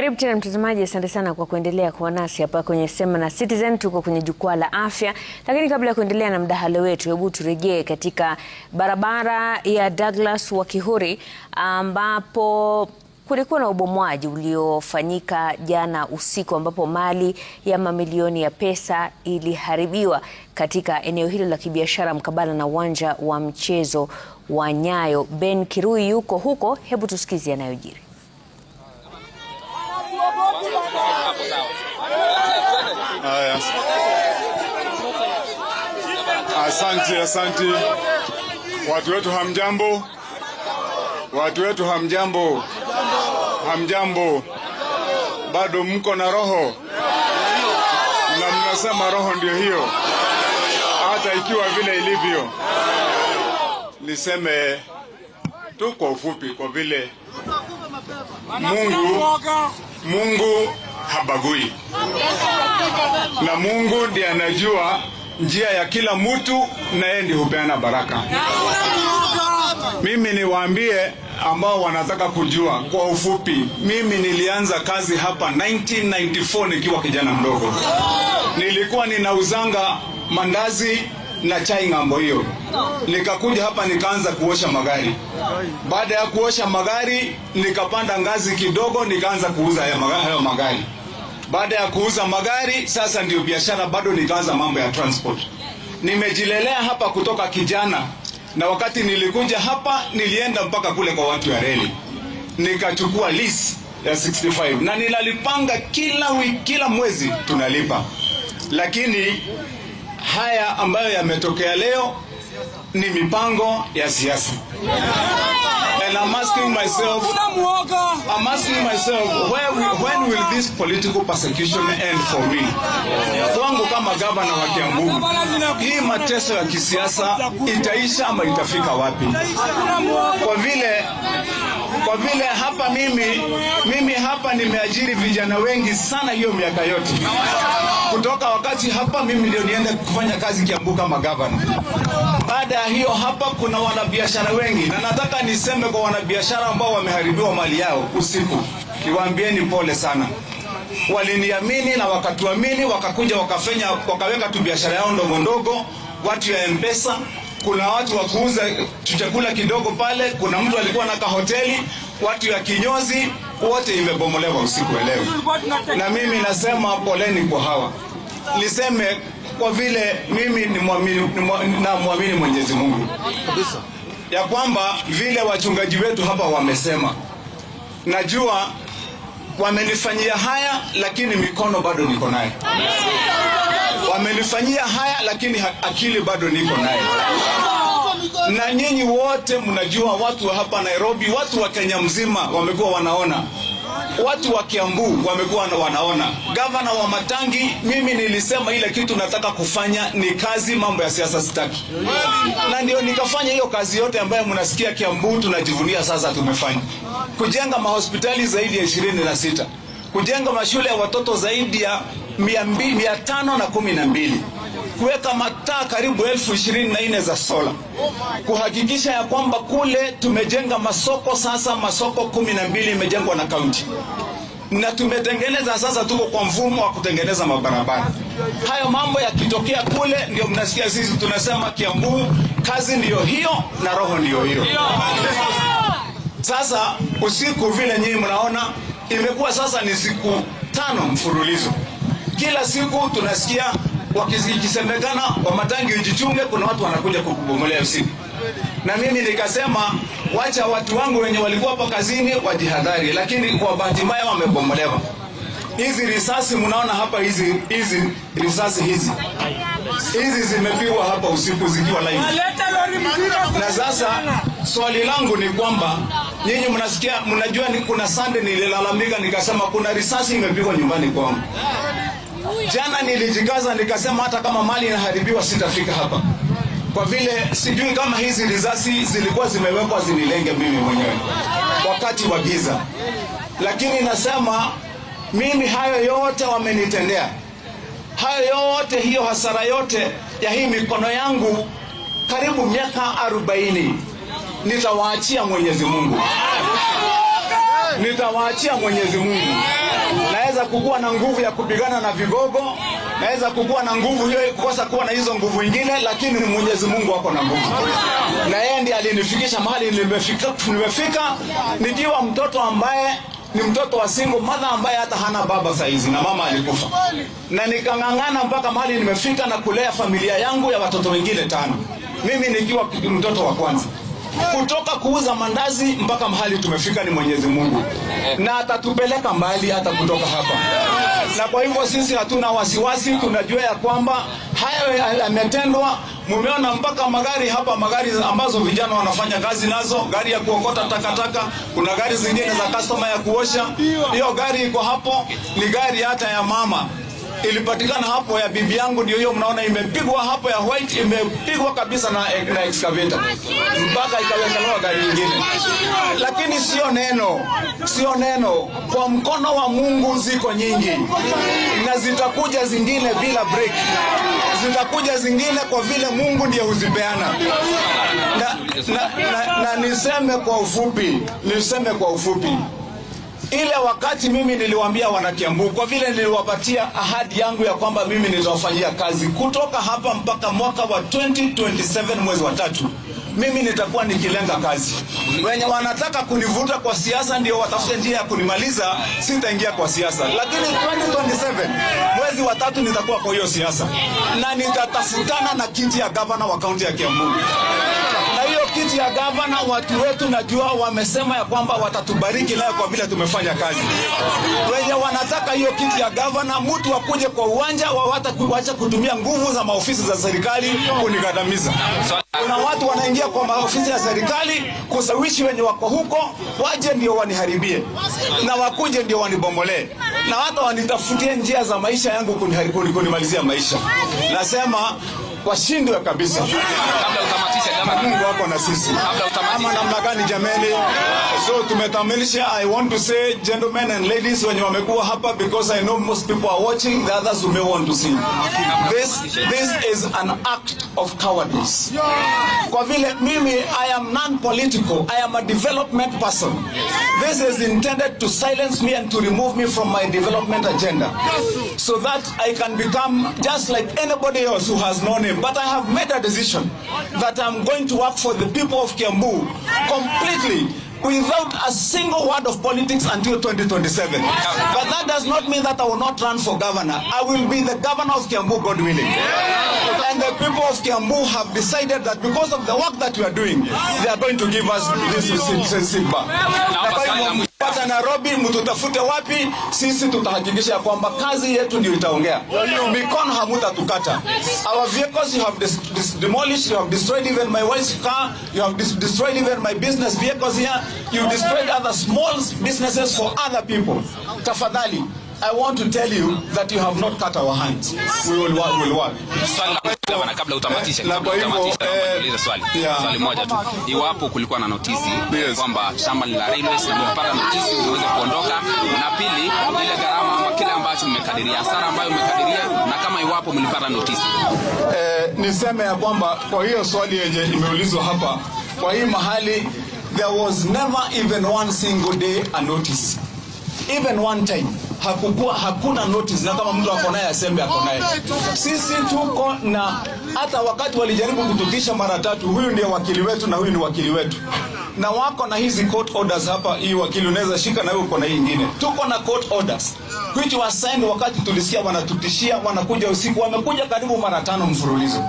Karibu tena mtazamaji, asante sana kwa kuendelea kuwa nasi hapa kwenye Sema na Citizen. Tuko kwenye jukwaa la afya, lakini kabla ya kuendelea na mdahalo wetu, hebu turejee katika barabara ya Douglas Wakihuri ambapo kulikuwa na ubomwaji uliofanyika jana usiku ambapo mali ya mamilioni ya pesa iliharibiwa katika eneo hilo la kibiashara mkabala na uwanja wa mchezo wa Nyayo. Ben Kirui yuko huko, hebu tusikizie yanayojiri. Haya, asante, asante. Watu wetu hamjambo, watu wetu hamjambo, hamjambo. Bado mko na roho na mnasema roho ndio hiyo, hata ikiwa vile ilivyo. Niseme tu kwa ufupi, kwa vile Mungu Mungu habagui, na Mungu ndiye anajua njia ya kila mtu, na yeye ndiye hupeana baraka. Mimi niwaambie ambao wanataka kujua kwa ufupi, mimi nilianza kazi hapa 1994 nikiwa kijana mdogo. Nilikuwa ninauzanga mandazi na chai ng'ambo hiyo, nikakuja hapa nikaanza kuosha magari. Baada ya kuosha magari, nikapanda ngazi kidogo, nikaanza kuuza hayo magari. Baada ya kuuza magari, sasa ndio biashara bado, nikaanza mambo ya transport. Nimejilelea hapa kutoka kijana, na wakati nilikuja hapa nilienda mpaka kule kwa watu ya reli, nikachukua lease ya 65 na nilalipanga kila wiki, kila mwezi tunalipa, lakini haya ambayo yametokea leo ni mipango ya siasa. And I'm asking myself, I'm asking myself, where we, when will this political persecution end for me? Kwangu kama gavana wa Kiambu, hii mateso ya kisiasa itaisha ama itafika wapi? Kwa vile kwa vile hapa mimi mimi hapa nimeajiri vijana wengi sana hiyo miaka yote kutoka wakati hapa mimi ndio niende kufanya kazi Kiambu kama gavana. Baada ya hiyo, hapa kuna wanabiashara wengi, na nataka niseme kwa wanabiashara ambao wameharibiwa mali yao usiku, kiwaambieni pole sana. Waliniamini na wakatuamini, wakakuja wakafanya, wakaweka tu biashara yao ndogo ndogo, watu ya Mpesa. Kuna watu wa kuuza chakula kidogo pale, kuna mtu alikuwa na kahoteli, watu ya kinyozi, wote imebomolewa usiku wa leo. Na mimi nasema poleni kwa hawa, niseme kwa vile mimi ni muamini na muamini Mwenyezi Mungu ya kwamba vile wachungaji wetu hapa wamesema, najua wamenifanyia haya, lakini mikono bado niko naye. Wamenifanyia haya, lakini akili bado niko naye na nyinyi wote mnajua, watu wa hapa Nairobi, watu wa Kenya mzima wamekuwa wanaona watu wa Kiambu wamekuwa wanaona. Gavana wa Matangi, mimi nilisema ile kitu nataka kufanya ni kazi, mambo ya siasa sitaki, na ndio nikafanya hiyo kazi yote ambayo mnasikia Kiambu tunajivunia sasa tumefanya kujenga mahospitali zaidi ya ishirini na sita kujenga mashule ya watoto zaidi ya mia mbili, mia tano na kumi na mbili kuweka mataa karibu elfu ishirini na nne za sola, kuhakikisha ya kwamba kule tumejenga masoko sasa, masoko kumi na mbili imejengwa na kaunti na tumetengeneza sasa, tuko kwa mfumo wa kutengeneza mabarabara. Hayo mambo yakitokea kule, ndio mnasikia sisi tunasema Kiambu kazi ndiyo hiyo na roho ndiyo hiyo. Sasa usiku vile nyinyi mnaona, imekuwa sasa ni siku tano mfululizo, kila siku tunasikia wakisemekana kwa matangi ujichunge, kuna watu wanakuja kukubomolea usiku. Na mimi nikasema wacha watu wangu wenye walikuwa hapa kazini wajihadhari, lakini kwa bahati mbaya wamebomolewa. Hizi risasi mnaona hapa, hizi hizi risasi hizi hizi zimepigwa hapa usiku zikiwa live. Na sasa swali langu ni kwamba nyinyi mnasikia, mnajua ni kuna Sunday nililalamika nikasema kuna risasi imepigwa nyumbani kwangu. Jana nilijikaza nikasema, hata kama mali inaharibiwa sitafika hapa, kwa vile sijui kama hizi risasi zilikuwa zimewekwa zinilenge mimi mwenyewe wakati wa giza, lakini nasema mimi hayo yote wamenitendea, hayo yote, hiyo hasara yote ya hii mikono yangu karibu miaka arobaini nitawaachia Mwenyezi Mungu, nitawaachia Mwenyezi Mungu naweza kukuwa na nguvu ya kupigana na vigogo, naweza kukuwa na nguvu hiyo kukosa kuwa na hizo nguvu nyingine, lakini ni Mwenyezi Mungu ako na nguvu, na yeye ndiye alinifikisha mahali nimefika, nimefika nikiwa mtoto ambaye ni mtoto wa single mother ambaye hata hana baba saizi na mama alikufa, na nikang'ang'ana mpaka mahali nimefika na kulea familia yangu ya watoto wengine tano, mimi nikiwa mtoto wa kwanza kutoka kuuza mandazi mpaka mahali tumefika ni Mwenyezi Mungu, na atatupeleka mbali hata kutoka hapa. Na kwa hivyo sisi hatuna wasiwasi, tunajua ya kwamba hayo yametendwa. Mumeona mpaka magari hapa, magari ambazo vijana wanafanya kazi nazo, gari ya kuokota takataka, kuna gari zingine za customer ya kuosha. Hiyo gari iko hapo, ni gari hata ya mama ilipatikana hapo ya bibi yangu, ndio hiyo mnaona imepigwa hapo ya white, imepigwa kabisa na, na excavator mpaka ikawekelewa gari nyingine. Lakini sio neno, sio neno. Kwa mkono wa Mungu ziko nyingi, na zitakuja zingine bila break, zitakuja zingine kwa vile Mungu ndiye huzipeana. Na, na, na, na niseme kwa ufupi, niseme kwa ufupi ile wakati mimi niliwaambia Wanakiambu, kwa vile niliwapatia ahadi yangu ya kwamba mimi nitawafanyia kazi kutoka hapa mpaka mwaka wa 2027 mwezi wa tatu, mimi nitakuwa nikilenga kazi. Wenye wanataka kunivuta kwa siasa ndio watafute njia ya kunimaliza, sitaingia kwa siasa, lakini 2027 mwezi wa tatu nitakuwa kwa hiyo siasa na nitatafutana na kiti ya gavana wa kaunti ya Kiambu kiti ya gavana, watu wetu najua wamesema ya kwamba watatubariki leo kwa vile tumefanya kazi. Wenye wanataka hiyo kiti ya gavana, mtu akuje kwa uwanja, wawatakuacha kutumia nguvu za maofisi za serikali kunikandamiza. Kuna watu wanaingia kwa maofisi ya serikali kusawishi wenye wako huko waje ndio waniharibie na wakuje ndio wanibomolee na hata wanitafutie njia za maisha yangu kunimalizia maisha. Nasema washindwe kabisa. Mungu wako na sisi ama namna gani jamani? So tumetamilisha. I want to say gentlemen and ladies wenye wamekuwa hapa because I know most people are watching, the others may want to see. This, this is an act of cowardice. Kwa vile mimi I am non-political, I am a development person. This is intended to silence me and to remove me from my development agenda so that I can become just like anybody else who has no name. But I have made a decision that I'm going to work for the people of Kiambu completely without a single word of politics until 2027. But that does not mean that I will not run for governor. I will be the governor of Kiambu, God willing. And the people of Kiambu have decided that because of the work that we are doing, they are going to give us this back. Pata Nairobi, mtutafute wapi, sisi tutahakikisha kwamba kazi yetu ndio itaongea. Mikono hamutatukata. Our vehicles you have dis dis demolished, you have destroyed even my wife's car, you have dis destroyed even my business vehicles here, you destroyed other small businesses for other people. Tafadhali I want to tell you that you have not cut our hands. We will work, we will work. Swali la bwana kabla utamatisha, kabla utamatisha, nauliza eh, swali. Swali moja tu. Iwapo kulikuwa na notisi kwamba shamba la railways na mmepata notisi uweze kuondoka, na pili ile gharama ama kile ambacho mmekadiria, hasara ambayo mmekadiria na kama iwapo mlipata notisi. Eh, niseme ya kwamba kwa hiyo swali yenye imeulizwa hapa, kwa hii mahali there was never even one single day a notice. Even one time hakukuwa hakuna notice, na kama mtu akonaye asembe akonaye Sisi tuko na hata wakati walijaribu kututisha mara tatu, huyu ndiye wakili wetu na huyu ni wakili wetu na wako na hizi court orders hapa. Hii wakili unaweza shika na wewe uko na hii nyingine, tuko na court orders which was signed wakati tulisikia wanatutishia, wanakuja usiku, wamekuja karibu mara tano mfululizo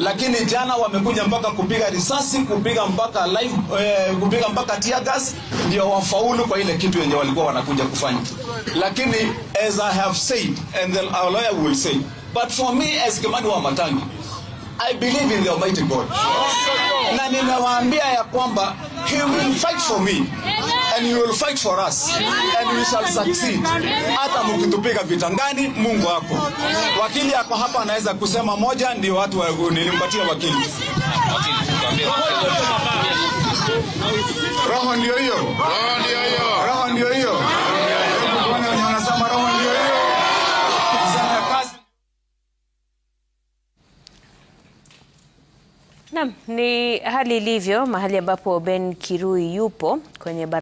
lakini jana wamekuja mpaka kupiga risasi, kupiga mpaka live, eh, kupiga mpaka tear gas ndio wafaulu kwa ile kitu yenye walikuwa wanakuja kufanya. Lakini as I have said and the our lawyer will say but for me as Kimani wa Matangi I believe in the Almighty God, na nimewaambia ya kwamba he will fight for me and you will fight for us and we shall succeed. Hata mkitupiga vita ngani, Mungu hapo. Wakili yako hapa anaweza kusema moja, ndio watu wa nilimpatia wakili. Roho ndio hiyo, roho ndio hiyo. roho ndio hiyo. Naam, ni hali ilivyo mahali ambapo Ben Kirui yupo kwenye bara